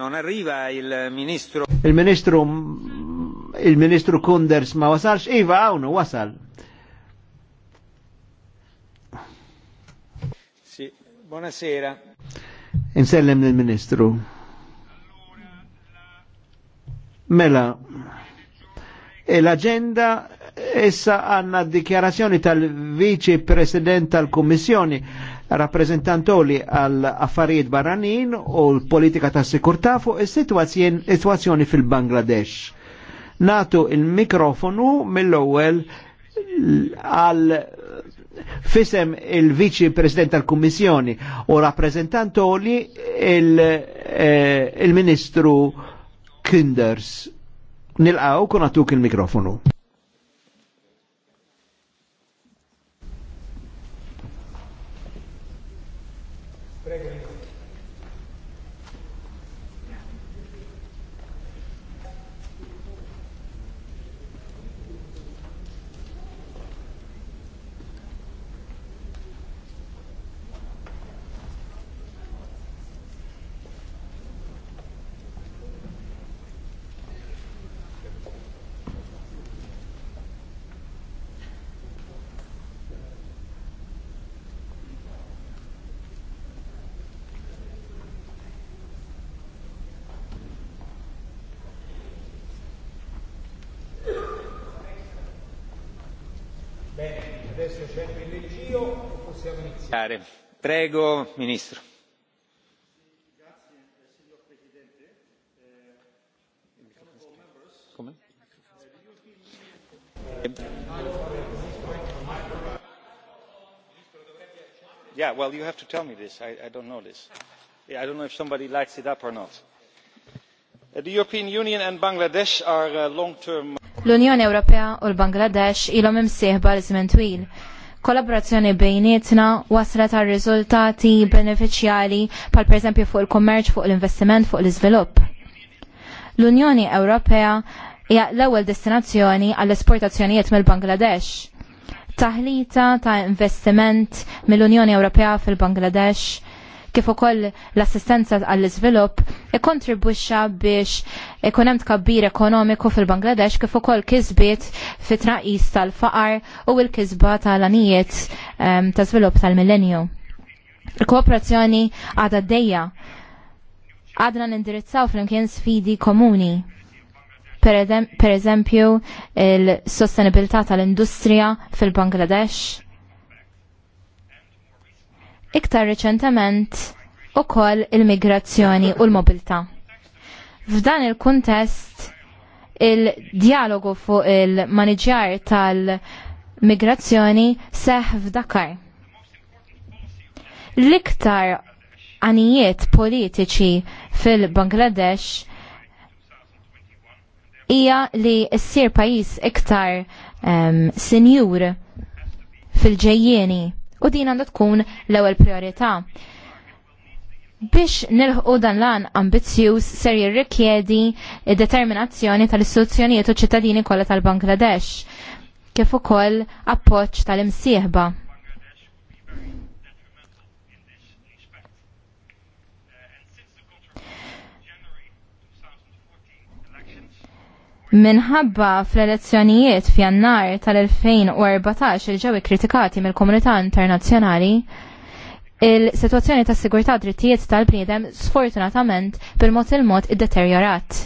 Non arriva il ministro. il ministro il ministro Kunders ma wasalx, iva għawnu wasal. Sì, buonasera. Insellem il-ministru. Mela, e l'agenda essa għanna dikjarazzjoni tal-vice presidente tal-Kommissjoni rappresentantoli għal affarijiet barranin u l-politika ta' sikurtà fuq is-sitwazzjoni fil-Bangladesh. Natu il-mikrofonu mill-ewwel għal fisem il-Viċi President tal-Kummissjoni u rappresentantoli eh, il-Ministru il Kinders. Nilqaw kun il-mikrofonu. adesso c'è il bellicio, possiamo iniziare. Prego, Ministro. Yeah, well, you have to tell me this. I, I don't know this. Yeah, I don't know if somebody lights it up or not. Uh, the European Union and Bangladesh are uh, long-term L-Unjoni Ewropea u l-Bangladesh ilhom imsieħba l-żmien twil. Kollaborazzjoni bejnietna waslet għal riżultati benefiċjali pal perżempju fuq il-kummerċ, fuq l-investiment, fuq l-iżvilupp. L-Unjoni Ewropea hija l-ewwel destinazzjoni għall-esportazzjonijiet mill-Bangladesh. Taħlita ta' investiment mill-Unjoni Ewropea fil-Bangladesh kif ukoll l-assistenza għall-iżvilupp ikkontribwixxa biex ikun hemm tkabbir ekonomiku fil-Bangladesh kif ukoll kisbiet fit traqis tal-faqar u l-kisba tal-anijiet ehm, ta' żvilupp tal-millenju. Il-kooperazzjoni għadha d-dejja għadna nindirizzaw flimkien sfidi komuni per eżempju il-sostenibilità tal-industrija fil-Bangladesh iktar reċentament ukoll il-migrazzjoni u l-mobilità. F'dan il-kuntest il-dialogu fuq il-maniġjar tal-migrazzjoni seħ f'Dakar. L-iktar għanijiet politiċi fil-Bangladesh hija li ssir pajis iktar um, ehm, senjur fil-ġejjeni u din għandha tkun l-ewwel priorità. Biex nilħqu dan lan ambizzjuż ser jirrikjedi determinazzjoni tal-istituzzjonijiet u ċittadini kollha tal-Bangladesh kif ukoll appoġġ tal-imsieħba Minħabba fl-elezzjonijiet f'jannar tal-2014 il ġewi kritikati mill-komunità internazzjonali, il-situazzjoni ta' sigurtà drittijiet tal-bniedem sfortunatament bil-mod il-mod id-deteriorat.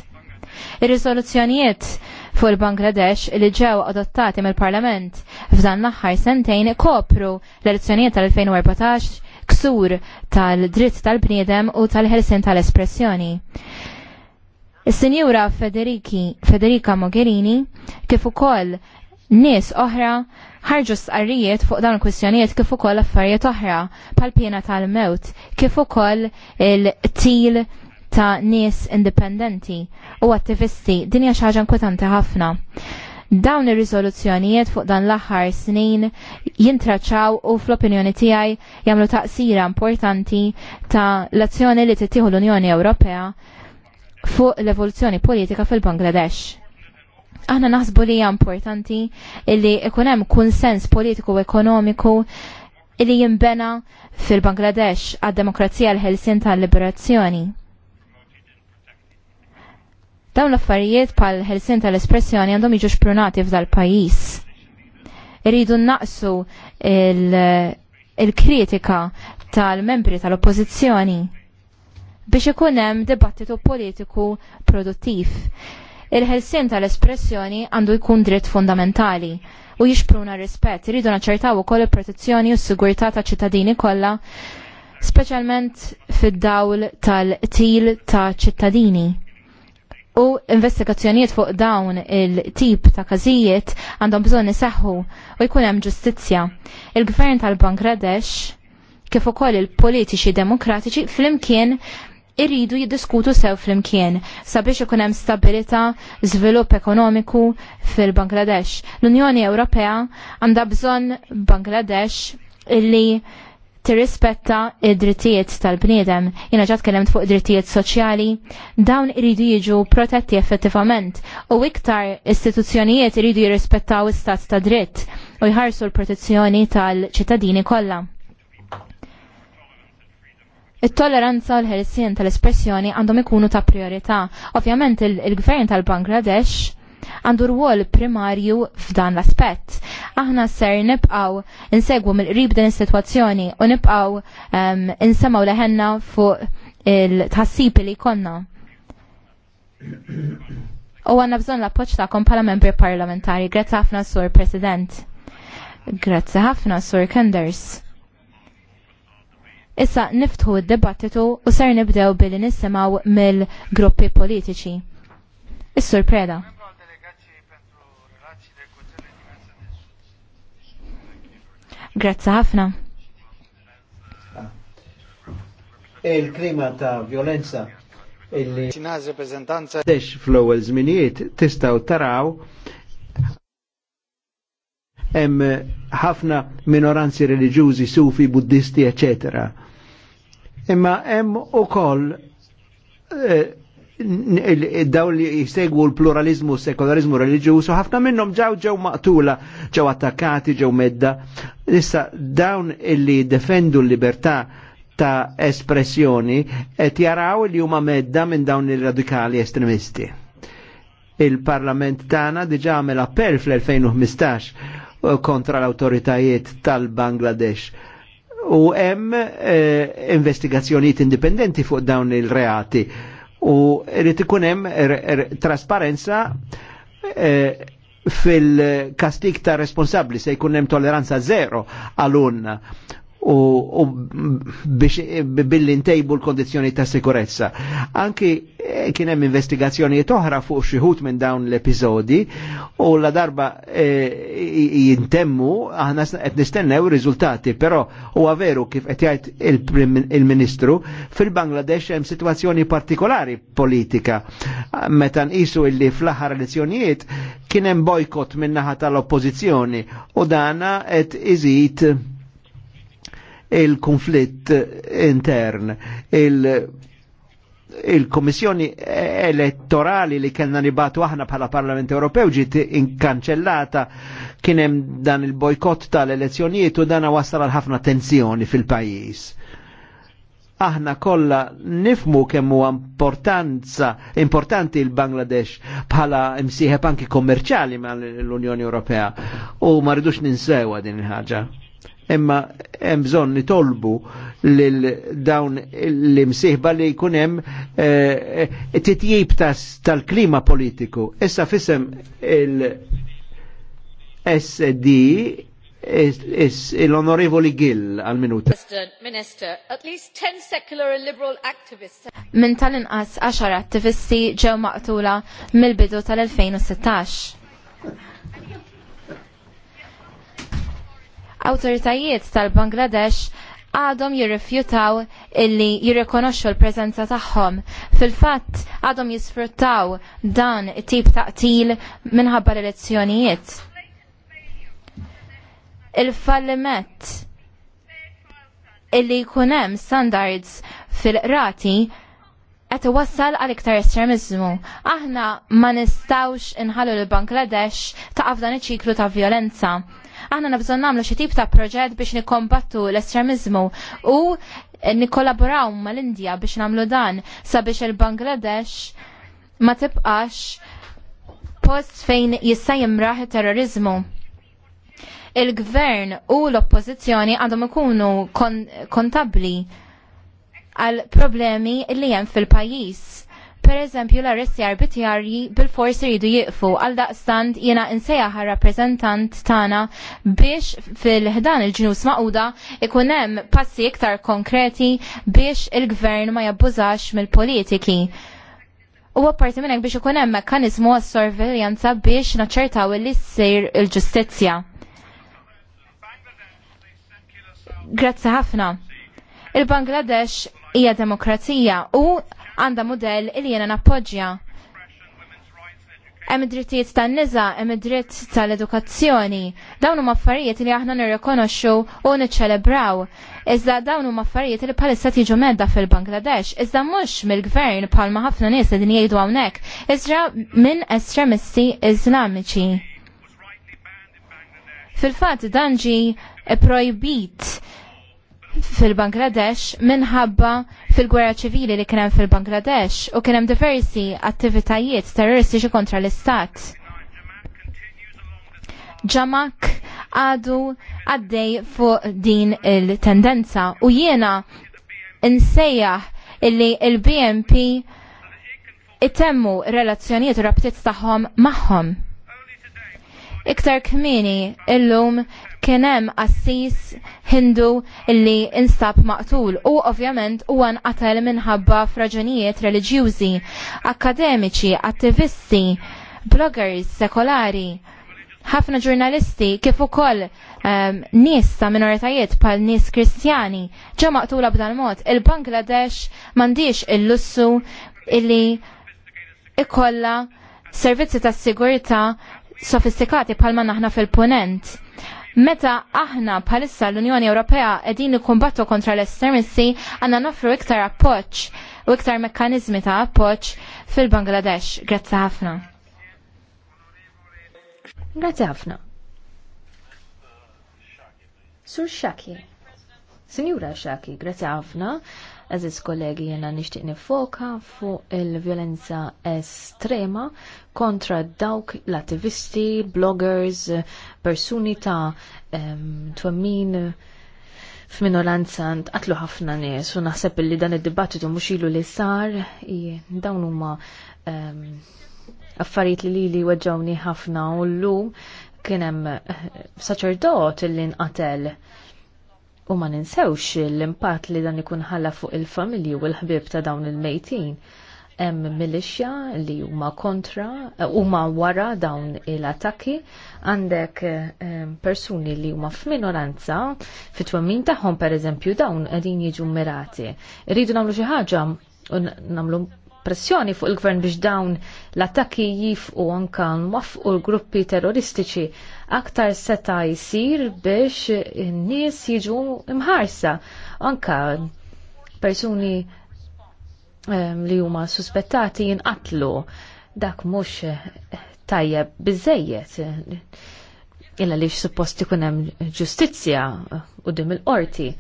Ir-riżoluzzjonijiet fuq il-Bangladesh li ġew adottati mill-Parlament f'dan l-aħħar sentejn kopru l-elezzjonijiet tal-2014 ksur tal-dritt tal-bniedem u tal-ħelsin tal-espressjoni. tal bniedem u tal ħelsien tal espressjoni Is-Sinjura Federiki, Federica Mogherini kif ukoll nies oħra ħarġu sqarrijiet fuq dawn il kwistjonijiet kif ukoll affarijiet oħra pal pjena tal-mewt, kif ukoll il-til ta' nies indipendenti u attivisti din hija xi ħaġa ħafna. Dawn ir-riżoluzzjonijiet fuq dan l-aħħar snin jintraċċaw u fl-opinjoni tiegħi jagħmlu taqsira importanti ta' l-azzjoni li tittieħu l-Unjoni Ewropea fuq l-evoluzzjoni politika fil-Bangladesh. Aħna naħsbu li hija importanti li ikun hemm kunsens politiku u ekonomiku li jimbena fil-Bangladesh għad-demokrazija l-ħelsin tal-liberazzjoni. Dawn l-affarijiet pal ħelsin tal-espressjoni għandhom jiġu xprunati f'dal pajjiż. Iridu naqsu il-kritika il tal membri tal-oppozizjoni biex ikun hemm dibattitu politiku produttiv. Il-ħelsien tal-espressjoni għandu jkun dritt fundamentali u jixpruna rispett, iridu naċċertaw ukoll il-protezzjoni u s-sigurtà ta' ċittadini kollha, speċjalment fid-dawl tal-til ta' ċittadini. U investigazzjonijiet fuq dawn il-tip ta' każijiet għandhom bżonn isaħħu u jkun hemm ġustizzja. Il-gvern tal-Bangladesh kif ukoll il-politiċi demokratiċi flimkien irridu jiddiskutu sew flimkien sabiex ikun hemm stabilità, żvilupp ekonomiku fil-Bangladesh. L-Unjoni Ewropea għandha bżonn Bangladesh illi tirrispetta id-drittijiet tal-bniedem. Jina ġat kellem fuq id-drittijiet soċjali, dawn iridu jiġu protetti effettivament u iktar istituzzjonijiet iridu jirrispettaw istat ta' dritt u jħarsu l-protezzjoni tal-ċittadini kollha it-toleranza u l-ħelsien tal-espressjoni għandhom ikunu ta' priorità. Ovvjament il-gvern tal-Bangladesh għandu rwol primarju f'dan l-aspett. Aħna ser nibqaw insegwu mill-qrib din is-sitwazzjoni u nibqaw ehm, insemaw leħenna fuq il-tħassib li konna. U għanna bżon l-appoċ ta'kom pala membri parlamentari. Grazie ħafna, Sur President. Grazie ħafna, Sur Kenders. Issa niftħu id-debattitu u ser nibdew billi nissimaw mill-gruppi politiċi. Is-sur Preda. Grazzi ħafna. Il-klima ta' violenza illi ċinaż reprezentanza dex fl-ewwel żminijiet tistgħu taraw hemm ħafna minoranzi reliġjużi, sufi, buddisti, eċetera Imma hemm ukoll eh, daw li jisegwu l-pluralizmu, sekolarizmu religjuż, ħafna minnhom ġew ġew maqtula, ġew attakkati, ġew medda. Issa dawn illi defendu l-libertà ta' espressjoni qed jaraw li huma medda minn dawn ir-radikali estremisti. Il-Parlament tagħna diġà għamel appell fl-2015 eh, kontra l awtoritajiet tal-Bangladesh u hemm eh, investigazzjonijiet indipendenti fuq dawn il-reati u rrit ikun hemm er, er, trasparenza eh, fil-kastik ta' responsabli se jkun hemm tolleranza zero għalun u biex billi ntejbu l-kondizjoni ta' sikurezza. Anki eh, kien hemm investigazzjonijiet oħra fuq xi minn dawn l-episodi u la darba eh, jintemmu aħna qed nistennew riżultati, però huwa veru kif qed jgħid il-Ministru fil-Bangladesh hemm sitwazzjoni partikolari politika. Meta nqisu illi fl-aħħar elezzjonijiet kien hemm bojkott min-naħa tal-oppożizzjoni u dana qed iżid il-konflitt intern. Il- il-Komissjoni elettorali li kellna nibatu aħna bħala Parlament Ewropew ġiet inkanċellata kien hemm dan il-bojkott tal-elezzjonijiet u dan wasal għal ħafna tensjoni fil-pajjiż aħna kollha nifmu kemm huwa importanza importanti l-Bangladesh bħala msieħeb anki kommerċjali mal unjoni Ewropea u ma rridux ninsewa din il-ħaġa imma hemm bżonn nitolbu lil dawn l-imsieħba li jkun hemm eh, titjib tal-klima politiku. Issa fisem il-SD l-onorevoli Gill għal minuta. Minn Min tal-inqas 10 attivisti ġew maqtula mill-bidu tal-2016 Awtoritajiet tal-Bangladesh għadhom jirrifjutaw illi jirrikonoxxu l-preżenza tagħhom. Fil-fatt għadhom jisfruttaw dan it-tip ta' qtil minħabba l-elezzjonijiet. Il-falliment illi jkun hemm standards fil-rati qed iwassal għal iktar estremizmu. Aħna ma nistawx inħallu l-Bangladesh ta' dan iċ-ċiklu ta' violenza. Aħna nabżon namlu xi tip ta' proġett biex nikombattu l-estremizmu u nikkollaboraw mal-Indja biex namlu dan sabiex il-Bangladesh ma tibqax post fejn jista' jimraħ terrorizmu il-gvern u l-oppozizjoni għandhom ikunu kontabli għal problemi li hemm fil-pajjiż. Per eżempju, l-arresti arbitrarji bil-fors iridu jiqfu għal daqstant jena insejjaħa rappresentant tana biex fil-ħdan il-ġnus maquda ikun hemm passi iktar konkreti biex il-gvern ma jabbużax mill-politiki. U għapparti minnek biex ikun hemm mekkaniżmu għas-sorveljanza biex naċċertaw li ssir il-ġustizzja. Grazzi ħafna. Il-Bangladesh hija demokrazija u għandha mudell il jiena nappoġġja. Hemm id-drittijiet tan niża hemm id-dritt tal-edukazzjoni. Dawn huma affarijiet li aħna nirrikonoxxu u niċċelebraw. Iżda dawn huma affarijiet li bħalissa tiġu medda fil-Bangladesh, iżda mhux mill-gvern bħalma ħafna nies li jgħidu hawnhekk, iżra minn estremisti Iżlamiċi. Fil-fatt dan ġi projbit fil-Bangladesh minħabba fil-gwerra ċivili li kienem fil-Bangladesh u kienem diversi attivitajiet terroristiċi kontra l-istat. Ġamak għadu għaddej fuq din il-tendenza u jiena insejjaħ illi il-BNP itemmu relazzjonijiet u rabtiet taħħom maħħom. Iktar kmini illum kien hemm assis Hindu illi instab maqtul u ovvjament huwa nqatel minħabba fraġunijiet reliġjużi, akademiċi, attivisti, bloggers sekolari, ħafna ġurnalisti kif ukoll um, nies ta' minoritajiet pal nies kristjani ġew maqtula b'dan mod il-Bangladesh m'għandix il-lussu illi ikolla servizzi ta' sigurità sofistikati palma naħna fil-ponent. Meta aħna bħalissa l-Unjoni Ewropea qegħdin nikkumbattu kontra l-estremisti, għanna nofru iktar appoġġ u iktar mekkaniżmi ta' appoġġ fil-Bangladesh. Grazzi ħafna. Grazzi ħafna. Sur Shaki. Sinjura Shaki, grazzi ħafna. Aziz kollegi jena nishtiq nifoka fuq il-violenza estrema kontra dawk l-attivisti, bloggers, persuni ta' um, twemmin f'minoranza għatlu ħafna nies u naħseb li dan id-dibattitu mhux ilu li sar dawn huma um, affarijiet li li weġġawni ħafna u llum kien hemm eh, saċerdot li nqatel U ma ninsewx l-impatt li dan ikun ħalla fuq il-familji u l-ħbib ta' dawn il-mejtin. Hemm milixja li huma kontra, eh, huma wara dawn il-attakki, għandek eh, persuni li huma f'minoranza fit-twemmin tagħhom pereżempju dawn qegħdin jiġu mirati. Rridu nagħmlu xi ħaġa u nagħmlu pressjoni fuq il-gvern biex dawn l-attakki jifqu anka nwaffqu l-gruppi terroristiċi aktar seta jisir biex n-nies jiġu imħarsa anka persuni um, li huma suspettati jinqatlu dak mhux tajjeb biżejjed illa li suppost ikun hemm ġustizzja u dim il-qorti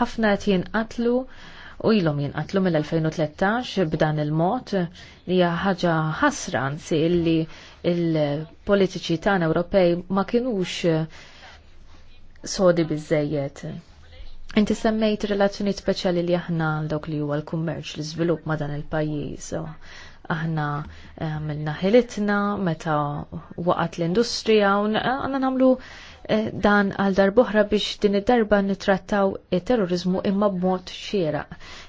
ħafna qed jinqatlu u ilhom jinqatlu mill-2013 b'dan il-mod hija ħaġa ħasra anzi illi il-politiċi tagħna Ewropej ma kinux sodi biżejjed. Inti semmejt relazzjoni speċjali li aħna dawk li huwa l-kummerċ l-iżvilupp ma' dan il-pajjiż aħna eh, għamilna ħilitna meta waqgħet l-industrija u għandna nagħmlu Eh, dan għal darbohra biex din id-darba nitrattaw terrorizmu imma b'mod xiera.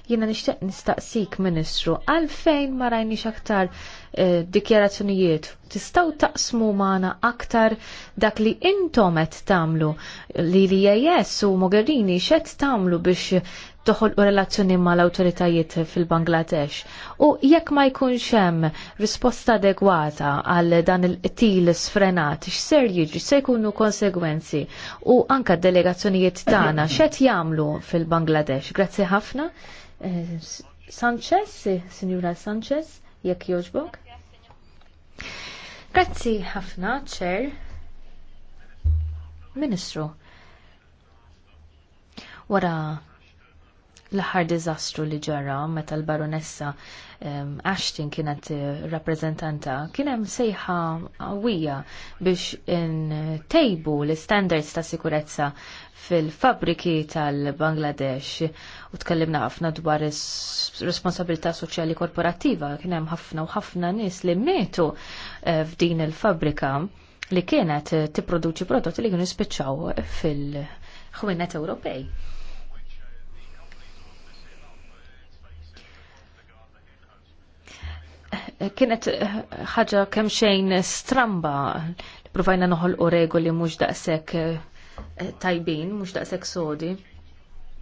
Jiena nixtieq nistaqsik, Ministru, għalfejn ma rajniex aktar eh, dikjarazzjonijiet tistgħu taqsmu magħna aktar dak li intom qed tagħmlu li li jes u Mogherini xed tagħmlu biex toħol u relazzjoni mal-awtoritajiet fil-Bangladesh. U jekk ma jkunx hemm risposta adegwata għal dan il-til sfrenat, x'ser jiġi, se jkunu konsegwenzi u anka delegazzjonijiet tagħna xet jagħmlu fil-Bangladesh. Grazzi ħafna. Eh, Sanchez, eh, Sinjura Sanchez, jekk joġbok. Grazzi ħafna, ċer. Ministru. Wara l-aħħar diżastru li ġara meta l-baronessa ehm, Ashton kienet eh, rappreżentanta kien hemm sejħa qawwija biex intejbu l-standards ta' sikurezza fil-fabriki tal-Bangladesh u tkellimna ħafna dwar responsabilità soċjali korporattiva kien hemm ħafna u ħafna nies li mietu eh, f'din il-fabrika li kienet eh, tipproduċi prodotti li kienu jispiċċaw fil-ħwienet Ewropej kienet eh, ħaġa kemm xejn stramba provajna noħol u regoli mhux daqshekk eh, tajbin, mhux daqsek sodi.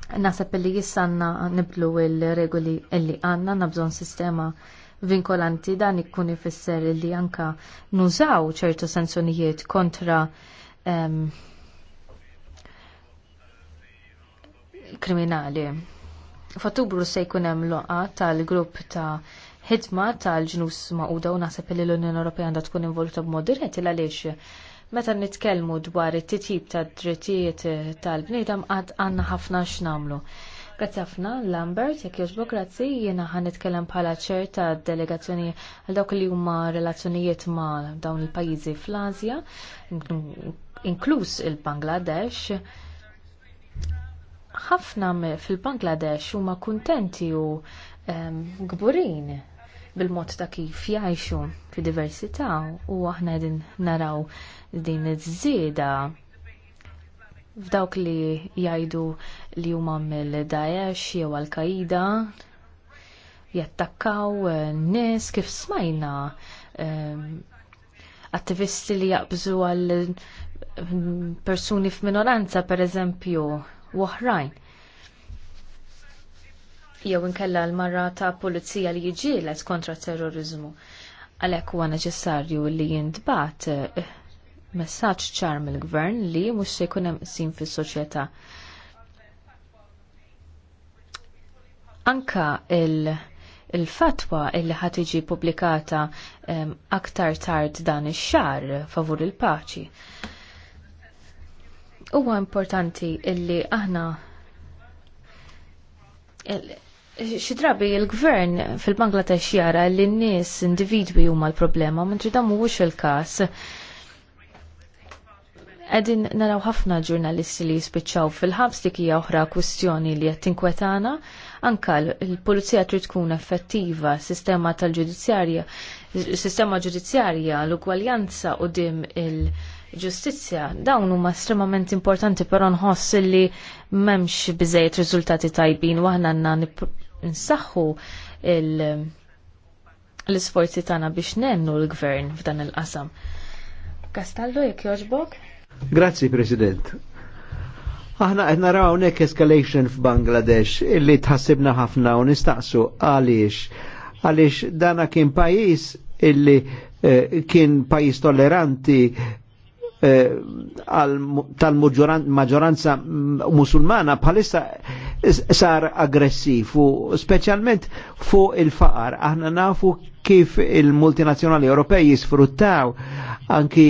Naħseb li jissanna niblu il-regoli illi għandna nabżon sistema vinkolanti dan ikkun ifisser li anka nużaw ċertu sanzjonijiet kontra um, kriminali. F'Ottubru se jkun hemm loqa tal-grupp ta' ħidma tal-ġnus maquda u naħseb li l-Unjoni Ewropea għandha tkun involuta b'mod dirett il għaliex meta nitkellmu dwar it-titjib tad-drittijiet tal-bniedem għad għandna ħafna x'namlu. Grazzi ħafna, Lambert, jekk jogħġbok grazzi, jiena ħan nitkellem bħala ċer ta' delegazzjoni għal dawk li huma relazzjonijiet ma' dawn il-pajjiżi fl-Asja, inkluż il-Bangladesh. Ħafna fil-Bangladesh huma kuntenti u ehm, gburin bil-mod ta' kif jgħixu fi diversità u aħna din naraw din iż-żieda f'dawk li jgħidu li huma mill-Daesh jew Al-Qaida jattakkaw eh, nies kif smajna eh, attivisti li jaqbżu għal mm, persuni f'minoranza per eżempju u oħrajn jew inkella l-marra ta' pulizija li jiġielet kontra terrorizmu. Għalhekk huwa neċessarju li jintbat eh, messaġġ ċar mill-gvern li mhux se jkun hemm sin fis-soċjetà. Anka il- il-fatwa illi ħad tiġi pubblikata eh, aktar tard dan ix-xar favur il-paċi. Huwa importanti illi aħna Xi drabi l-gvern fil-Bangladesh jara li n-nies individwi huma l-problema, mentri dan mhuwiex il-każ. Qegħdin naraw ħafna ġurnalisti li jispiċċaw fil-ħabs dik hija oħra kwistjoni li qed tinkwetana. Anka l-pulizija trid tkun effettiva, sistema tal-ġudizzjarja, sistema ġudizzjarja, l-ugwaljanza dim il- ġustizzja, dawn huma estremament importanti però nħoss li m'hemmx biżejjed riżultati tajbin u aħna għandna nsaħħu l-isforzi tagħna biex nennu l-gvern f'dan il-qasam. Kastallu, jekk joġbok? Grazzi, President. Aħna qed naraw hawnhekk escalation f'Bangladesh illi tħassibna ħafna u nistaqsu għaliex għaliex dana kien pajjiż illi eh, kien pajjiż tolleranti tal-maġoranza mm, musulmana bħalissa sar aggressiv u specialment fuq il-faqar. Aħna nafu kif il multinazjonali Ewropej jisfruttaw anki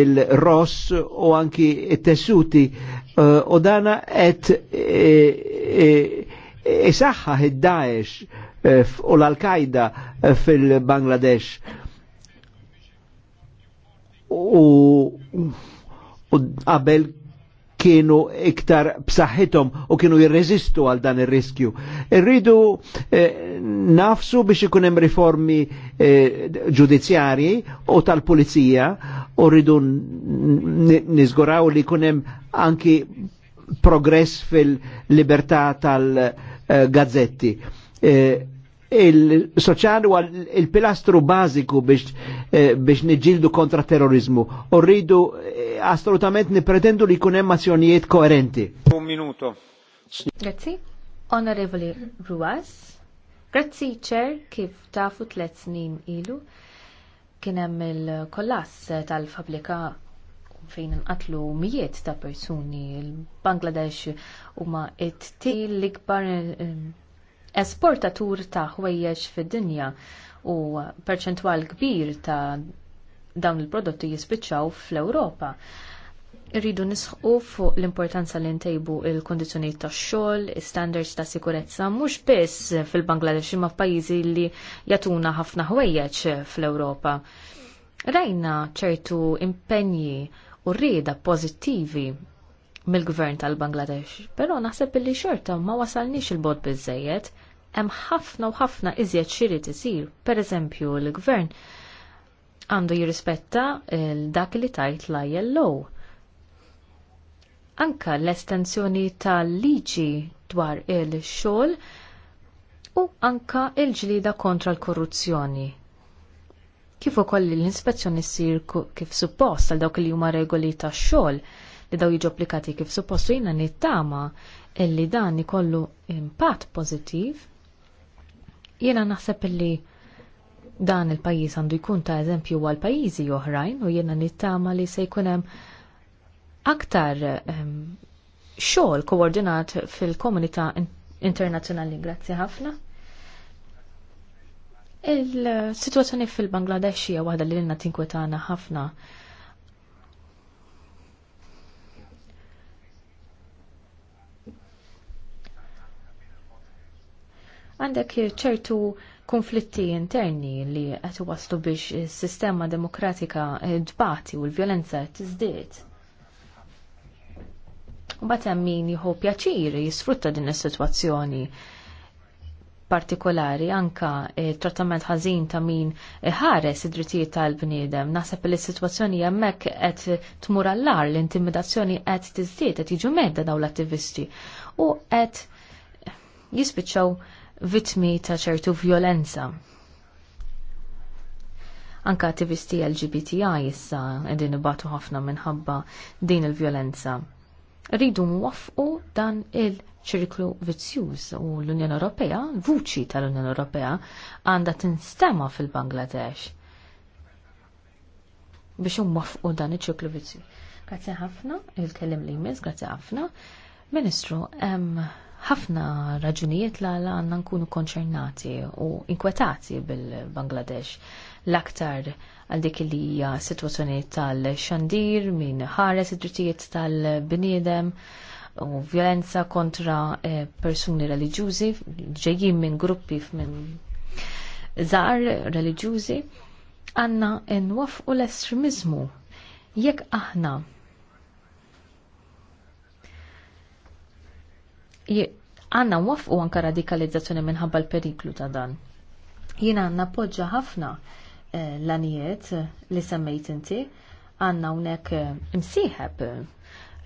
il-ross u anki il-tessuti eh, u dana et eh, eh, isaxħa il daesh u l-Al-Qaida fil-Bangladesh u qabel kienu iktar b'saħħithom u kienu jirreżistu għal dan ir-riskju. Irridu eh, nafsu biex ikun hemm riformi eh, ġudizzjarji eh, u tal-pulizija u rridu niżguraw li jkun hemm anki progress fil-libertà tal-gazzetti. Eh, il-soċjali u il-pilastru bażiku biex eh, biex kontra terrorizmu. orridu eh, assolutament nipretendu li jkun hemm azzjonijiet koerenti. Un minuto. Grazzi. Onorevoli Ruas. Grazzi ċer kif tafu tliet snin ilu kien hemm il-kollass tal-fabrika fejn inqatlu mijiet ta' persuni. Il-Bangladesh huma it til l-ikbar eh, esportatur ta' ħwejjeġ fid-dinja u perċentwal kbir ta' dawn il-prodotti jispiċċaw fl-Ewropa. Irridu nisħu fuq l-importanza li ntejbu il-kondizjoniet ta' xogħol, standards ta' sikurezza mhux biss fil-Bangladesh imma f'pajjiżi li jatuna ħafna ħwejjeġ fl-Ewropa. Rajna ċertu impenji u rrieda pożittivi mill-gvern tal-Bangladesh, però naħseb li xorta ma wasalniex il-bod biżejjed hemm ħafna u ħafna iżjed xirid isir. Pereżempju l-gvern għandu jirrispetta dak li tajt l-ILO. Anka l-estensjoni tal-liġi dwar il-xogħol u anka il-ġlida kontra l-korruzzjoni kif ukoll l-ispezzjoni ssir kif suppost għal dawk li huma regoli tax-xogħol li daw jiġu applikati kif suppost jiena nittama illi dan ikollu impatt pożittiv Jiena naħseb li dan il-pajjiż għandu jkun ta' eżempju għal pajjiżi oħrajn u jiena nittama li se jkun hemm aktar ehm, xogħol koordinat fil-komunità internazzjonali. Grazzi ħafna. Il-situazzjoni fil-Bangladesh hija waħda li lilna tinkwetana ħafna għandek ċertu konflitti interni li qed waslu biex is-sistema demokratika dbati u l-vjolenza tiżdied. U bat hemm min jieħu pjaċir jisfrutta din is-sitwazzjoni partikolari anka trattament ħażin ta' min ħares id-drittijiet tal-bniedem. Naħseb li s-sitwazzjoni hemmhekk qed tmur all-ar, l-intimidazzjoni qed tiżdied qed jiġu medda dawn l-attivisti u qed jispiċċaw vittmi ta' ċertu violenza. Anka attivisti LGBTI issa edin ibatu ħafna minħabba din il-violenza. Rridu muwaffqu dan il-ċirklu vizzjuż u l-Unjoni Ewropea, vuċi tal-Unjoni Ewropea, għandha tinstema fil-Bangladesh biex umwaffqu dan iċ-ċirklu vizzjuż. Grazzi ħafna, il-kellim li jmiss, grazzi ħafna. Ministru, em, ħafna raġunijiet la la għanna nkunu konċernati u inkwetati bil-Bangladesh l-aktar għal dik li hija situazzjoni tal-xandir minn ħares id-drittijiet tal-bniedem u violenza kontra eh, persuni reliġjużi ġejjin minn gruppi minn żgħar reliġjużi għandna nwafqu l-estremizmu jekk aħna għanna wafqu anka radikalizzazzjoni minħabba l-periklu ta' dan. Jina għanna poġġa ħafna eh, l-anijiet eh, li semmejt inti, għanna unek eh, imsiħeb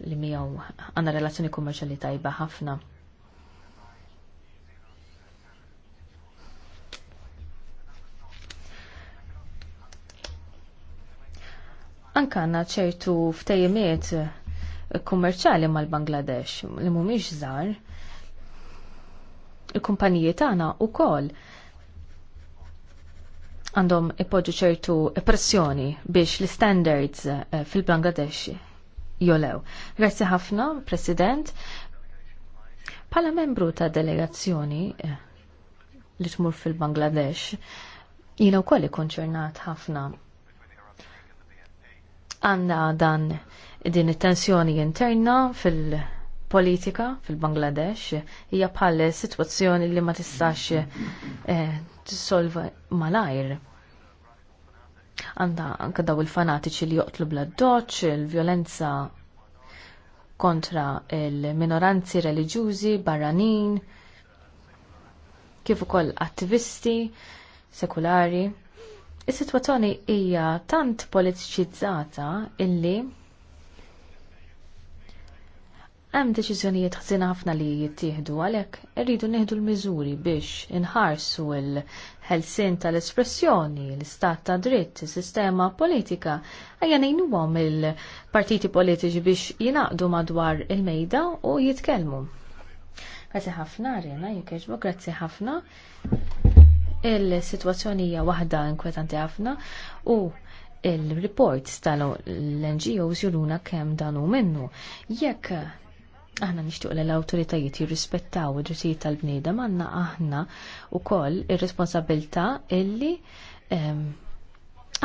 li miegħu għanna relazzjoni kummerċali tajba ħafna. Anka għanna ċertu ftejmiet kummerċali mal-Bangladesh li mhumiex żgħar. Il-kumpaniji tagħna wkoll għandhom ipoġġu ċertu pressjoni biex l-standards eh, fil-Bangladesh jolew. Grazzi ħafna, President. Pala membru ta' delegazzjoni eh, li tmur fil-Bangladesh, jina u koll konċernat ħafna għanna dan din it-tensjoni interna fil-politika fil-Bangladesh hija bħal sitwazzjoni li ma tistax eh, tissolva malajr. Għanda anka daw il-fanatiċi li joqtlu bla doċ, il-violenza kontra il-minoranzi reliġjużi, barranin, kif ukoll attivisti sekulari. Is-sitwazzjoni hija tant politiċizzata illi Hemm deċiżjonijiet ħażina ħafna li jittieħdu għalhekk irridu neħdu l-miżuri biex inħarsu l-ħelsien tal-espressjoni, l-istat ta' dritt, is-sistema politika Ajja ngħinuhom il-partiti politiċi biex jingħaqdu madwar il-mejda u jitkellmu. Grazzi ħafna Rena, jekk grazzi ħafna. Il-sitwazzjoni hija waħda inkwetanti ħafna u il-reports tal-NGOs juruna kemm danu minnu. Jekk aħna nixtiequ li l-awtoritajiet jirrispettaw id-drittijiet tal-bniedem għandna aħna wkoll ir-responsabilità illi ehm,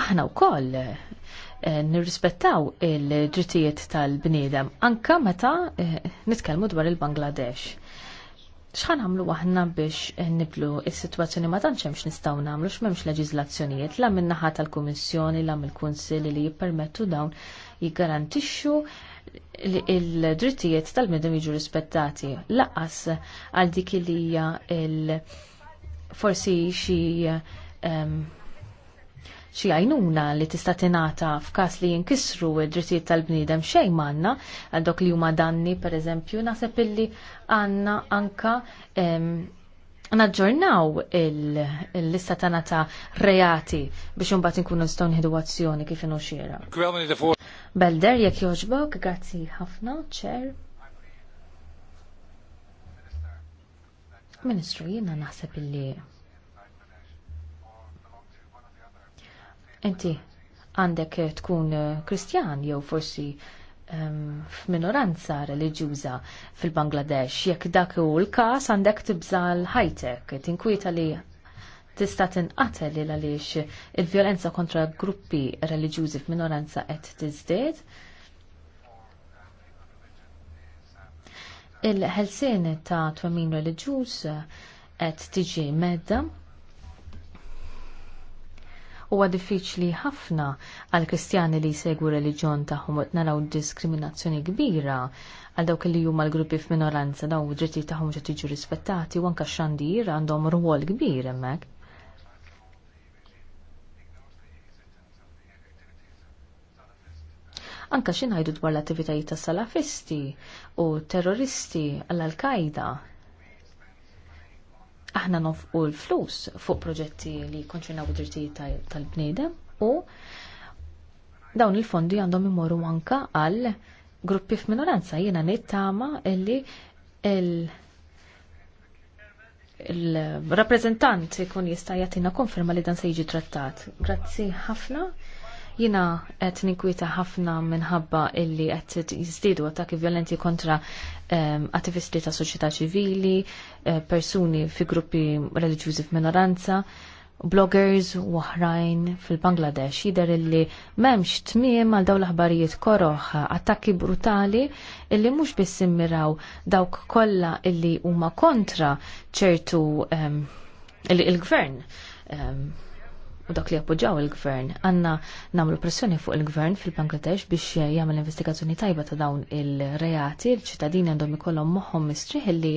aħna wkoll eh, nirrispettaw il-drittijiet tal-bniedem anka meta eh, nitkellmu dwar il-Bangladesh xħan għamlu għahna biex niblu il-situazzjoni ma tantx hemmx nistgħu nagħmlu x'memx leġiżlazzjonijiet la minn naħa tal-Kummissjoni la mill-Kunsill li jippermettu dawn jiggarantixxu il-drittijiet tal-medem jiġu rispettati. Laqqas għal dik li hija forsi xi xi għajnuna li tista' tingħata f'każ li jinkisru d-drittijiet tal-bniedem xejn m'għandna għal dok li huma danni pereżempju naħseb illi għandna anka naġġornaw il-lista tagħna ta' reati biex imbagħad inkunu nistgħu nieħdu azzjoni kif inhu xiera. Belder, jekk joġbok, grazzi ħafna, ċer. Ministru, jina naħseb illi. Inti, għandek tkun kristjan jew forsi ehm, f'minoranza reliġjuża fil-Bangladesh, jekk dak u l-każ għandek tibżal ħajtek, tinkwieta li tista' tinqatel lil għaliex il-vjolenza kontra gruppi reliġjużi f'minoranza qed tiżdied. Il-ħelsien ta' twemmin reliġjuż qed tiġi medda huwa diffiċli ħafna għal kristjani li jsegwu reliġjon tagħhom qed naraw diskriminazzjoni kbira għal dawk li huma l-gruppi f'minoranza daw id-dritti tagħhom ġed jiġu rispettati u anke x'għandi għandhom rwol kbir hemmhekk. Anka ngħidu dwar l-attivitajiet ta' salafisti u terroristi għall-Al-Qaida. Aħna nofqu l-flus fuq proġetti li konċernaw id-drittijiet tal-bniedem u dawn il-fondi għandhom imorru anka għal gruppi f'minoranza jiena nittama illi il- il-rappresentant ikun jista' jagħtina konferma li dan se jiġi trattat. Grazzi ħafna. Jina qed ninkwita ħafna minħabba illi qed jiżdiedu attakki violenti kontra ehm, attivisti ta' soċjetà ċivili, eh, persuni fi gruppi reliġjużi f'minoranza, bloggers u oħrajn fil-Bangladesh jider illi memx tmiem għal daw l-aħbarijiet koroħ attakki brutali illi mhux biss immiraw dawk kollha illi huma kontra ċertu um, il-gvern. Um, u dak li appoġġaw il-gvern għanna namlu pressjoni fuq il-gvern fil-Bangladesh biex jagħmel investigazzjoni tajba ta' dawn il-reati, il-ċittadini għandhom ikollhom moħħom mistrieħ li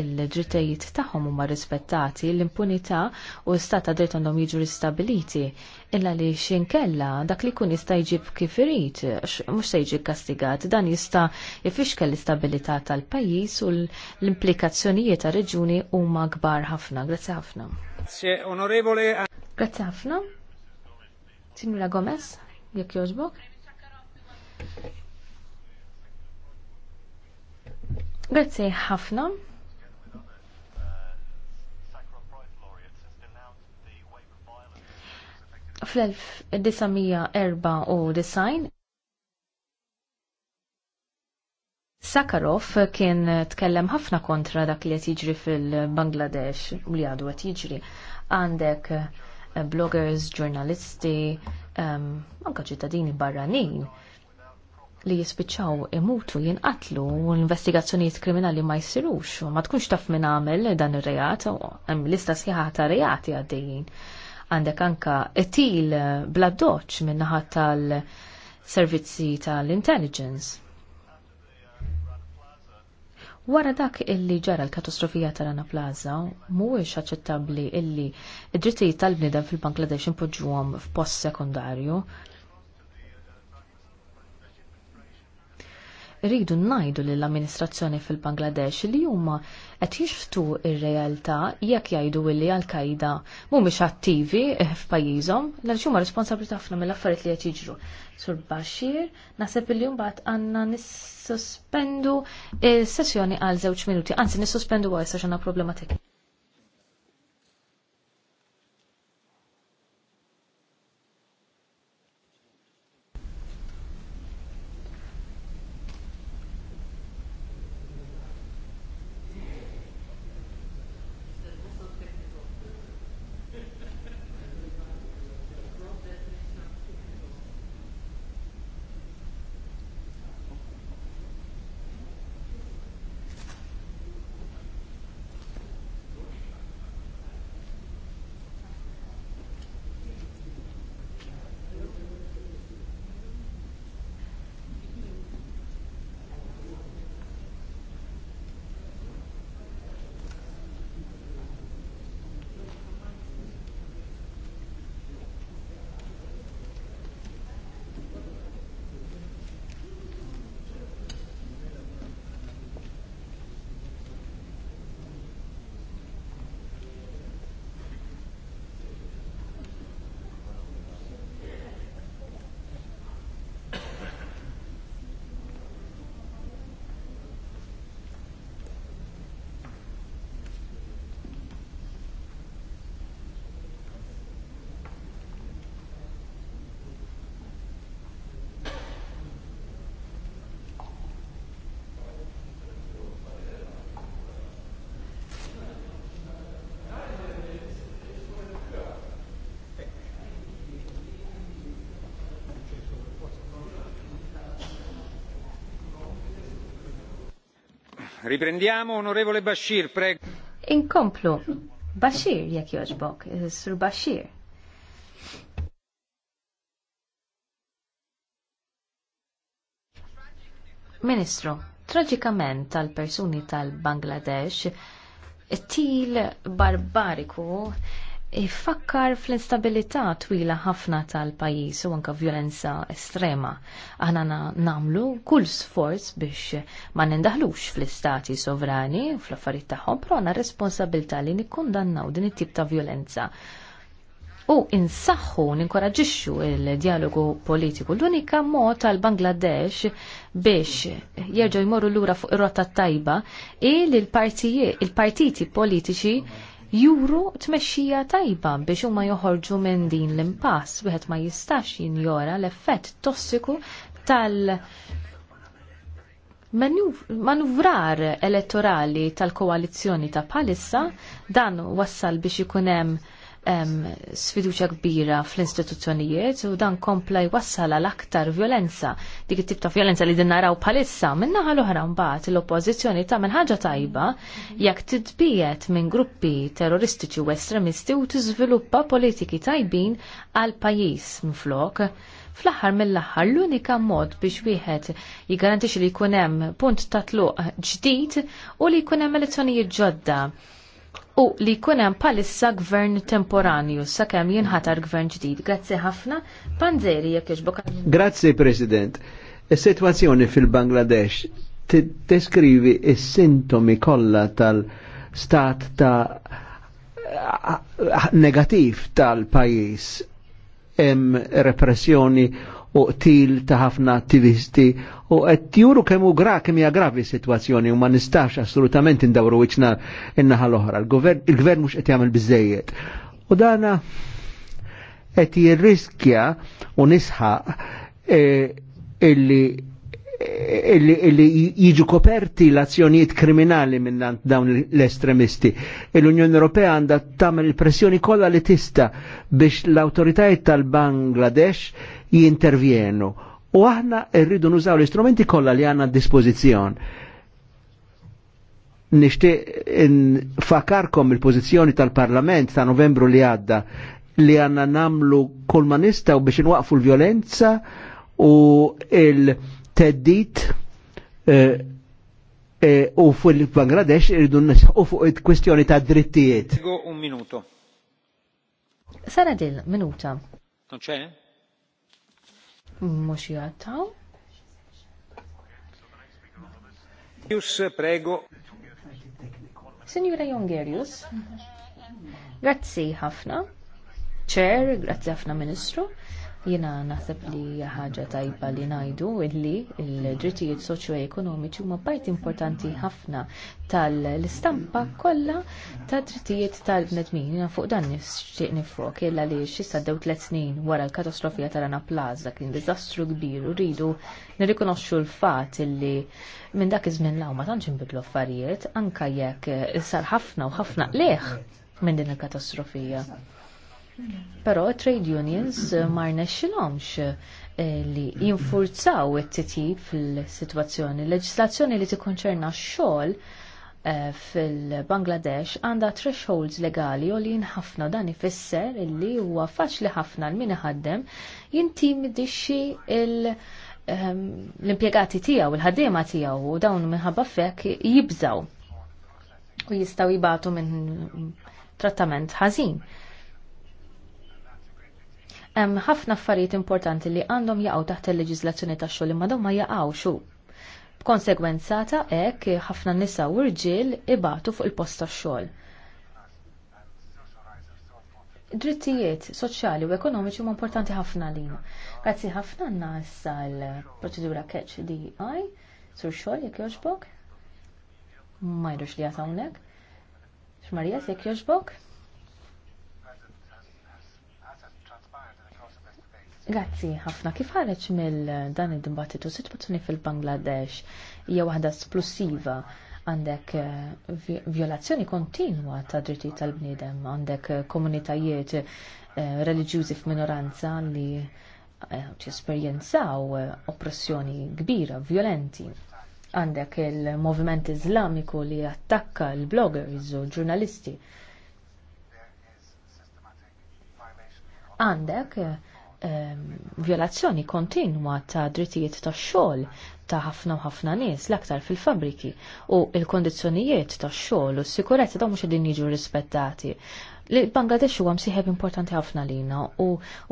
l-ġritajiet tagħhom huma rispettati, l-impunità u l-istat ta' dritt għandhom jiġu ristabiliti. Illa li xinkella dak li jkun jista' jġib kif irid, mhux se jiġi kastigat, dan jista' jifixkel l-istabilità tal-pajjiż u l-implikazzjonijiet ta' reġuni huma kbar ħafna. Grazzi ħafna. Grazie, onorevole. Grazie ħafna. Sinula Gomez, jekk jożbok. Grazie Afno. fl-1994 design Sakharov kien tkellem ħafna kontra dak li qed jiġri fil-Bangladesh u li għadu qed jiġri. Għandek eh, bloggers, ġurnalisti, ehm, anka ċittadini barranin li jispiċċaw imutu jinqatlu u l-investigazzjonijiet kriminali ma jsirux u ma tkunx taf minn għamel dan ir-reat u hemm lista sħiħa ta' reati għaddejjin. Għandek anka etil bla doċ minn naħat tal-servizzi tal-intelligence. Wara dak illi ġara l-katastrofija ta' Rana Plaza, mhuwiex aċċettabbli illi id-drittijiet tal bnidem fil-Bangladesh impoġġuhom f'post sekundarju rridu ngħidu lill amministrazzjoni fil-Bangladesh li huma qed jixftu ir-realtà jekk jgħidu li Al-Qaida mhumiex attivi f'pajjiżhom għaliex huma responsabbli ħafna mill-affarijiet li qed jiġru. Sur Bashir, naħseb li mbagħad għandna nissospendu sessjoni għal żewġ minuti, anzi nissospendu għal sa problema teknika. Riprendiamo, onorevole Bashir, prego. Inkomplu. Bashir, jekk joġbok, sur Bashir. Ministru, traġikament tal-persuni tal-Bangladesh, til barbariku Ifakkar fl-instabilità twila ħafna tal-pajis u anka violenza estrema. Aħna namlu kull sforz biex ma nindaħlux fl-istati sovrani u fl-affarijiet tagħhom, però għandna responsabilità li nikkundannaw din it-tip ta' violenza u insaħħu ninkoraġixxu il-dialogu politiku. L-unika mod tal-Bangladesh biex jerġgħu jmorru lura fuq ir-rotta tajba il li l-partiti politiċi juru tmexxija tajba biex huma joħorġu minn din l-impass wieħed ma jistax jinjora l-effett tossiku tal manuvrar elettorali tal-koalizzjoni ta' palissa dan wassal biex ikun hemm sfiduċa kbira fl-istituzzjonijiet u dan kompla jwassal l aktar violenza. Dik it-tip ta' violenza li din naraw palissa naħa l-oħra mbagħad l-oppożizzjoni tagħmel ħaġa tajba jekk titbiet minn gruppi terroristiċi u estremisti u tiżviluppa politiki tajbin għal pajjiż minflok. Fl-aħħar mill-aħħar l-unika mod biex wieħed jiggarantixxi li jkun hemm punt ta' tluq ġdid u li jkun hemm elezzjonijiet ġodda u li jkun hemm bħalissa gvern temporanju sakemm jinħatar gvern ġdid. Grazzi ħafna. Panzeri jekk jogħġbok. Grazzi President. Is-sitwazzjoni fil-Bangladesh tiddeskrivi is-sintomi kollha tal-stat ta' negativ tal-pajis hemm repressjoni u qtil ta' ħafna attivisti u qed juru kemm gra kemm hija gravi sitwazzjoni u ma nistax assolutament indawru wiċċna in-naħa l-oħra. Il-gvern mhux qed jagħmel bizzejiet. U dana qed jirriskja u nisħaq e, illi illi jiġu koperti l-azzjonijiet kriminali minnant dawn l-estremisti. L-Unjoni Ewropea għandha tagħmel pressjoni kollha li tista biex l-awtoritajiet tal-Bangladesh jintervjenu U aħna rridu nużaw l-istrumenti kollha li għandna dispożizzjon. Nixtieq fakarkom il-pożizzjoni tal-Parlament ta' Novembru li għadda li għanna namlu kolmanista u biex nwaqfu l-violenza u il-teddit eh, eh, u fu il-Bangladesh bangladesh irridu u fuq il-kwestjoni ta' drittijiet. Un minuto. minuta. Non c'è? Mux jgħataw. Jus, prego. Signora Jongerius, grazzi ħafna. Ċer, grazzi ħafna Ministru. Jiena naħseb li ħaġa tajba li ngħidu illi l-drittijiet soċjoekonomiċi ekonomiċi huma parti importanti ħafna tal-istampa kollha ta' drittijiet tal-bnedmin. Jiena fuq dan nixtieq nifrok illa li x'issa dew tliet snin wara l-katastrofija tal-Rana Plaza kien diżastru kbir u rridu nirrikonoxxu l-fatt illi minn dak iż-żmien ma tantx inbidlu affarijiet anke jekk sar ħafna u ħafna leħ minn din il-katastrofija. Però trade unions eh, ma rnexxilhomx eh, li jinfurzaw it-titjib fil-sitwazzjoni. Leġislazzjoni li tikkonċerna x-xogħol eh, fil-Bangladesh għandha thresholds legali u li ħafna dan ifisser illi huwa faċli ħafna l min ħaddem jintimidixxi ehm, l-impjegati tiegħu, il-ħaddiema tiegħu u dawn minħabba fekk jibżaw u jistgħu jibatu minn trattament ħażin. Hemm ħafna affarijiet importanti li għandhom jaqgħu taħt il-leġiżlazzjoni tax-xogħol imma dawn ma jaqgħux B'konsegwenza ta' hekk ħafna nisa u rġiel ibatu fuq il-post tax-xogħol. Drittijiet soċjali u ekonomiċi huma importanti ħafna lin. Grazzi ħafna issa l proċedura catch DI sur xogħol jekk jogħġbok. Ma jidux li għatawnek. X'Marija jekk jogħġbok? Grazzi, ħafna. Kif ħareċ mill dan id-dibattitu situazzjoni fil-Bangladesh hija waħda splussiva għandek eh, violazzjoni kontinwa ta' dritti tal-bniedem, għandek eh, komunitajiet eh, reliġjużi f'minoranza li jesperjenzaw oppressjoni kbira, violenti. Għandek il movement iżlamiku li attakka l-bloggers u ġurnalisti. Għandek violazzjoni kontinwa ta' drittijiet ta' xogħol ta' ħafna u ħafna nies l-aktar fil-fabriki u l kondizzjonijiet ta' xogħol u s-sikurezza ta' mhux qegħdin jiġu rispettati. Bangladesh huwa msieħeb importanti ħafna lina u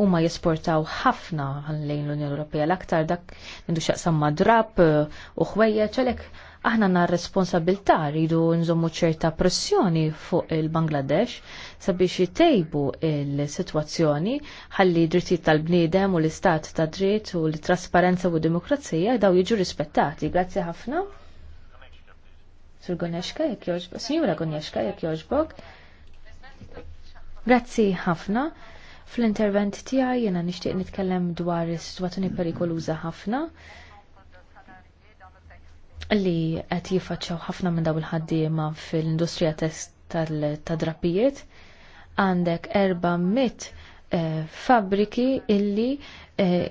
huma jesportaw ħafna lejn l-Unjoni Ewropea l-aktar dak minn xaqsam ma' drab uh, u ħwejjeġ għalhekk aħna na responsabilità rridu nżommu ċerta pressjoni fuq il-Bangladesh sabiex jitejbu il-sitwazzjoni ħalli drittijiet tal-bniedem u l-istat ta' dritt u l-trasparenza u d-demokrazija daw jiġu rispettati. Grazzi ħafna. Sur Goneshka jek joġbok, Signora Goneshka jek joġbok. Grazzi ħafna. Fl-intervent tiegħi jiena nixtieq nitkellem dwar is-sitwazzjoni perikoluża ħafna li qed jiffaċċaw ħafna minn dawn il-ħaddiema fil-industrija tad drapijiet Għandek 400 eh, fabriki illi eh,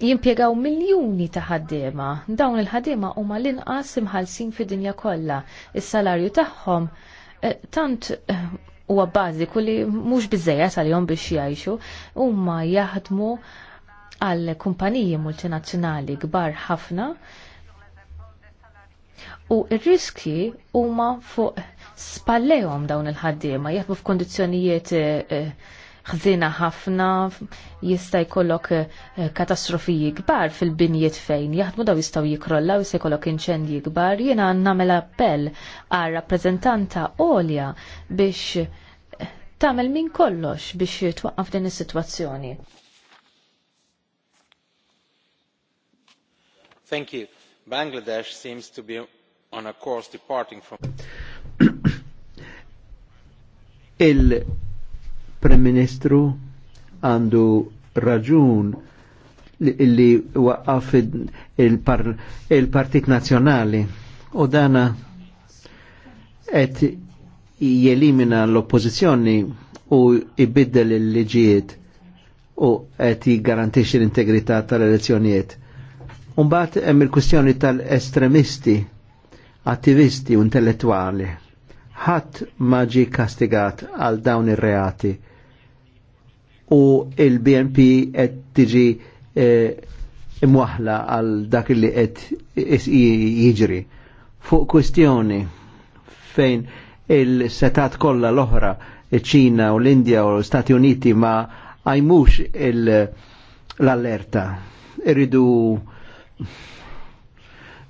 jimpiegaw miljuni ta' ħaddiema. Dawn il-ħaddiema huma l-inqas imħallsin fid-dinja kollha. Is-salarju tagħhom eh, tant eh, huwa bażiku li mhux tal-jom biex jgħixu huma jaħdmu għal kumpaniji multinazzjonali kbar ħafna u r-riski huma fuq spallejhom dawn il-ħaddiema jahdmu f'kondizzjonijiet eh, eh, ħżina ħafna, jista' jkollok eh, katastrofiji kbar fil-binjiet fejn, jaħdmu daw jistgħu jikrollaw jista' jkollok inċendji kbar, jiena nagħmel appell għal rappreżentanta Olja biex eh, tagħmel min kollox biex twaqqaf din is-sitwazzjoni. Thank you. Bangladesh seems to be on a course departing from il Prim Ministru għandu raġun li waqqaf il-Partit il Nazjonali u dana et jelimina l-oppozizjoni u ibiddel il-liġijiet u et jgarantix l-integrità tal-elezzjonijiet. Umbat hemm il kustjoni tal-estremisti, attivisti u intellettuali. Ħadd ma ġi kastigat għal dawn ir-reati u il-BNP qed tiġi eh, imwaħla għal dak li qed jiġri. Fuq kwestjoni fejn il-setat kollha l-oħra ċ-Ċina u l-Indja u l-Stati Uniti ma għajmux l-allerta. Irridu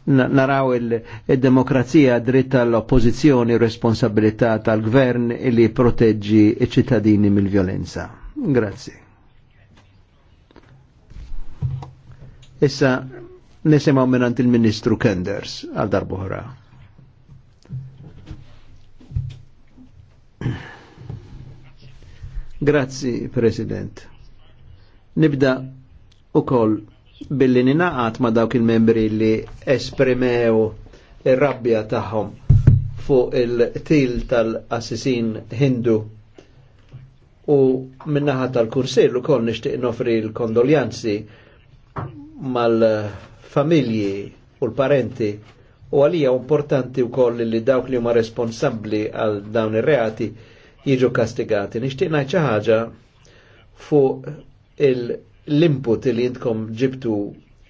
naraw il-demokrazija dritta l-oppozizjoni responsabilità tal-gvern li proteġġi iċ-ċittadini mill-violenza. Grazie. Issa nisimaw minnant il-Ministru Kenders għal darbuħra. Grazzi, President. Nibda u koll billi ninaqat ma dawk il-membri li esprimew il rabbja tagħhom fuq il-til tal-assisin Hindu u minnaħat tal-kursir u koll nishtiq nofri l-kondoljanzi mal-familji u l-parenti u għalija importanti u koll li dawk li huma responsabli għal dawn ir-reati jiġu kastigati. Nishtiq najċa ħaġa fuq l-input li jintkom ġibtu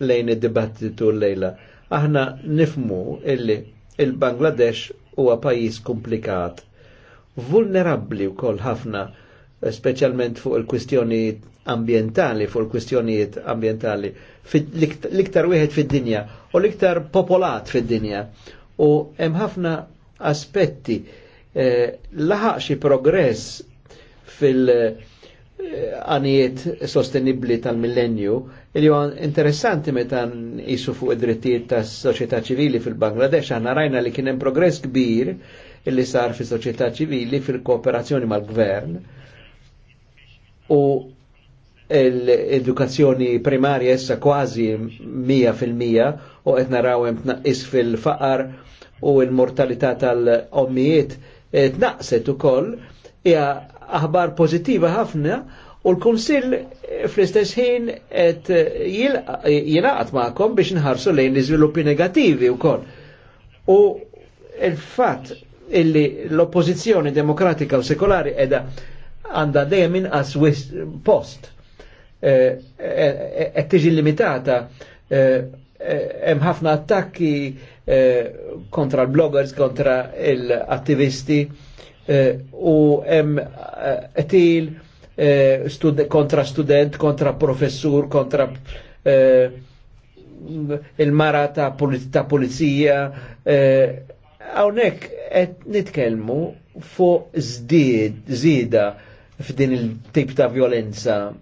lejn id-dibattitu l-lejla. Aħna nifmu illi il-Bangladesh huwa pajjiż komplikat, vulnerabli wkoll ħafna specialment fuq il-kwistjoni ambientali, fuq il-kwistjonijiet ambientali, l-iktar wieħed fid-dinja u l-iktar popolat fid-dinja. U hemm ħafna aspetti eh, laħaq xi progress fil-għanijiet eh, sostenibli tal-millenju li huwa interessanti meta nqisu fuq id-drittijiet tas-soċjetà ċivili fil-Bangladesh għanna rajna li kien hemm progress kbir illi sar fis-soċjetà ċivili fil-kooperazzjoni mal-gvern u l-edukazzjoni primarja issa kważi 100% u qed naraw hemm tnaqqis fil-faqar u l-mortalità tal-ommijiet eh, tnaqset ukoll hija aħbar pożittiva ħafna u l-Kunsill eh, fl-istess ħin qed eh, jilaqat magħkom biex nħarsu lejn l-iżviluppi negattivi wkoll. U il-fatt illi l-oppożizzjoni demokratika u sekolari edha għanda dejjem inqas post eh, eh, eh, qed tiġi limitata hemm ħafna attakki kontra l-bloggers, kontra l-attivisti u hemm qtil kontra student, kontra professur, kontra il-mara ta' pulizija. Hawnhekk qed nitkellmu fuq żdied, żieda f'din il-tip ta' violenza.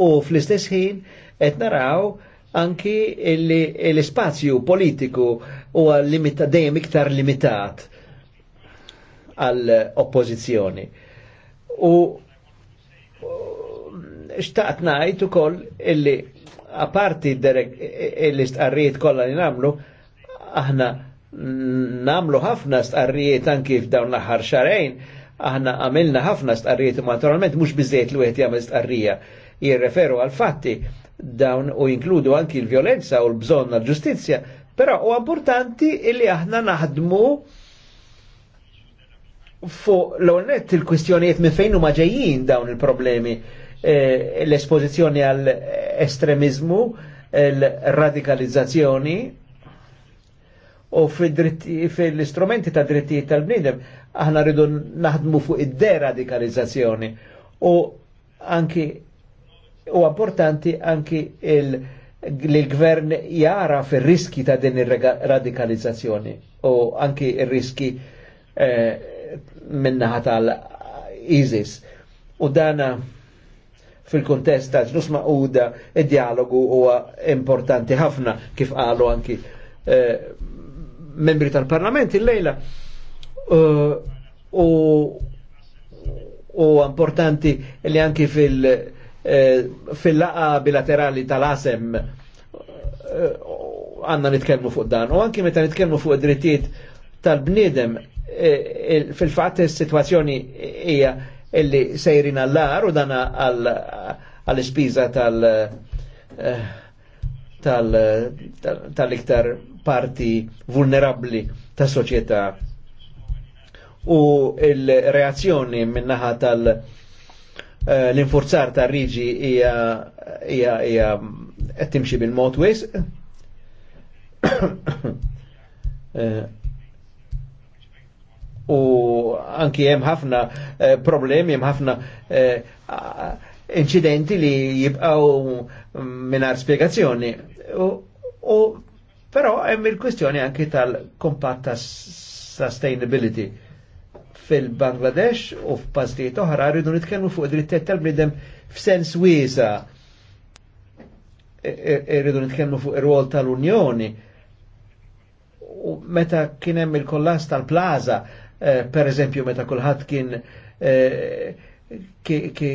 U fl-istess ħin qed naraw anki l-spazju politiku huwa limita dejjem iktar limitat għall oppożizzjoni U xtaqt ngħid ukoll illi derek l stqarrijiet kollha li nagħmlu, aħna nagħmlu ħafna stqarrijiet anki f'dawn l-aħħar xarejn Aħna għamilna ħafna stqarrijiet imma naturalment mhux biżejjed li wieħed jagħmel stqarrija. Jirreferu għal fatti dawn u inkludu anki l-violenza u l-bżonn għal ġustizzja, però u importanti illi aħna naħdmu fuq l-onet il-kwistjonijiet minn fejn huma ġejjin dawn il-problemi. E, l-espożizzjoni għal estremizmu, l-radikalizzazzjoni u fil-istrumenti ta' drittijiet tal-bnidem aħna rridu naħdmu fuq id-deradikalizzazzjoni u anki u importanti anki il li l-gvern jara fil riski ta' din ir-radikalizzazzjoni u anki ir-riski eh, minnaħa tal-ISIS. U dana fil-kontest ta' ġnus ma'uda id-dialogu huwa importanti ħafna kif qalu anki eh, membri tal-parlament il-lejla Eh, u u importanti li anki fil eh, fil-laqa bilaterali tal-asem eh, għanna nitkelmu fuq dan. U anki meta nitkelmu fuq drittijiet tal-bniedem fil-fatt is situazzjoni hija illi sejrin għall u dan għall-ispiża tal- tal-iktar parti vulnerabli tas soċieta' u il-reazzjoni minnaħa tal- eh, l-infurzar ta' riġi hija hija qed timxi bil-mod wis. Eh, u anki hemm ħafna eh, problemi, hemm ħafna incidenti li jibqgħu mingħajr spjegazzjoni. U però hemm il-kwistjoni anki tal-kompatt ta' sustainability fil-Bangladesh u f'pastijiet oħra rridu nitkellmu fuq id-drittijiet tal-bniedem f'sens wiesa. E, e, e, rridu nitkellmu fuq ir-rol tal-Unjoni. U meta kien hemm il-kollas tal-Plaza, per eżempju meta kulħadd kien ki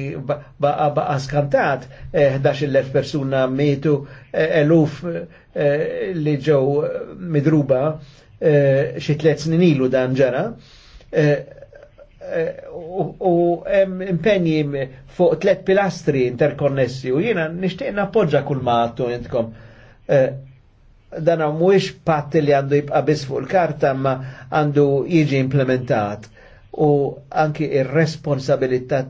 baqa skantat 11.000 persuna mietu eluf li ġew midruba xi tliet snin ilu dan ġara u hemm impenji fuq tliet pilastri interkonnessi u jiena nixtieq nappoġġa kull ma għattu intkom. Eh, dan mhuwiex patt li għandu jibqa' biss fuq il-karta ma għandu jiġi implementat u anki il responsabilità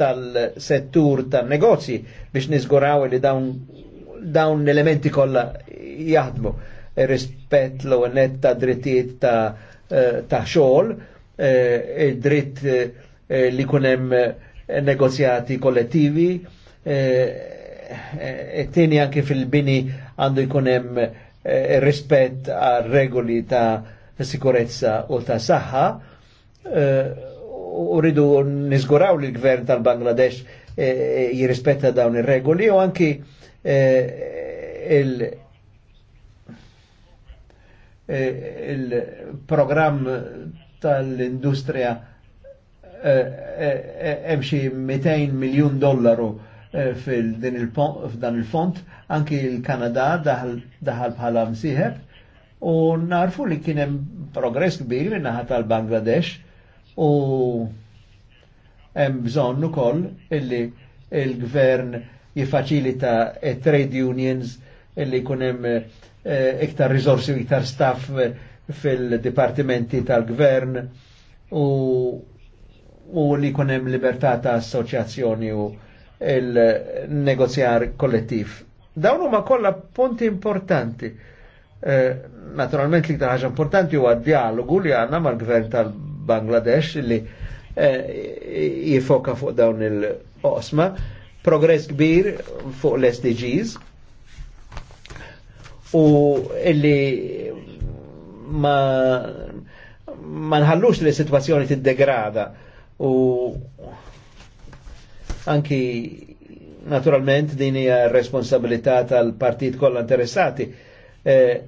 tal-settur tan-negozji biex nizguraw li dawn dawn elementi kollha jaħdmu rispett l-għonet ta' drittijiet ta' eh, ta' xogħol Eh, id dritt eh, li kunem eh, negozjati kollettivi, it-tieni anke fil-bini għandu jkunem rispett għal regoli ta' sikurezza u ta' saħħa, u rridu nizguraw li l-gvern tal-Bangladesh jirrispetta dawn ir-regoli u anki il-programm tal-industrija eh, eh, eh, hemm 200 miljon dollaru f'dan il-font, anki il-Kanada daħal bħala msiħeb, u narfu li kienem progress kbir minn tal-Bangladesh u hemm bżonn ukoll illi il-gvern jiffaċilita trade unions illi kunem hemm iktar risorsi u iktar staff fil-dipartimenti tal-gvern u, u li kunem libertà ta' assoċjazzjoni u il-negozjar kollettiv. Dawn huma kollha punti importanti. Eh, naturalment li ħaġa importanti huwa dialogu li għandna mal-gvern tal-Bangladesh li eh, jifoka fuq dawn il osma progress kbir fuq l-SDGs u illi ma ma nħallux li situazzjoni tiddegrada u anki naturalment din hija responsabilità tal-partit kollha interessati eh,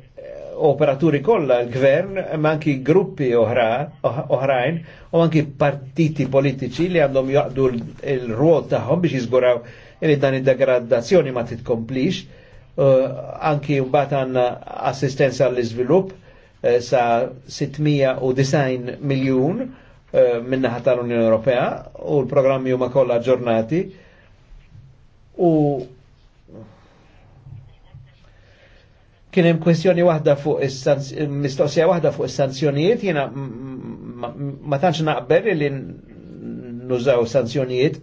operaturi kollha l-gvern ma anki gruppi oħra oħrajn u anki partiti politiċi li għandhom jaqdu l-ruol tagħhom biex jiżguraw li dan id-degradazzjoni ma titkomplix uh, anki mbagħad għandna assistenza għall-iżvilupp Eh, sa 690 miljun eh, minnaħat tal-Unjoni Ewropea u l-programmi huma kollha ġurnati u kien hemm kwestjoni waħda fuq mistoqsija waħda fuq is-sanzjonijiet jiena ma tantx naqbel li nużaw sanzjonijiet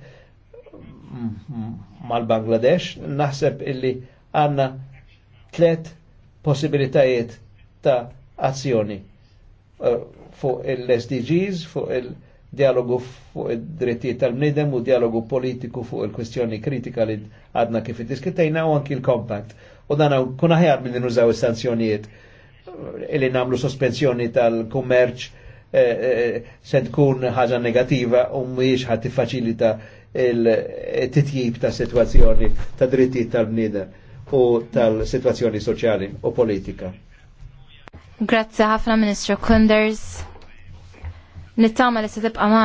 mal-Bangladesh, naħseb illi għanna tlet possibilitajiet ta' azzjoni eh, fuq il-SDGs, fuq il-dialogu fuq id-drittijiet tal-bnidem u dialogu politiku fuq il-kwestjoni kritika li għadna kif id-diskutejna u anki l-compact. U dan kun aħjar mill nużaw is-sanzjonijiet eh, li namlu sospensjoni tal-kummerċ eh, se tkun ħaġa negativa u mhijiex ħadd tiffaċilita il-titjib ta' situazzjoni ta' drittijiet tal-bniedem u tal-situazzjoni soċjali u politika. Grazie ħafna Ministru Kunders. Nittama li se tibqa'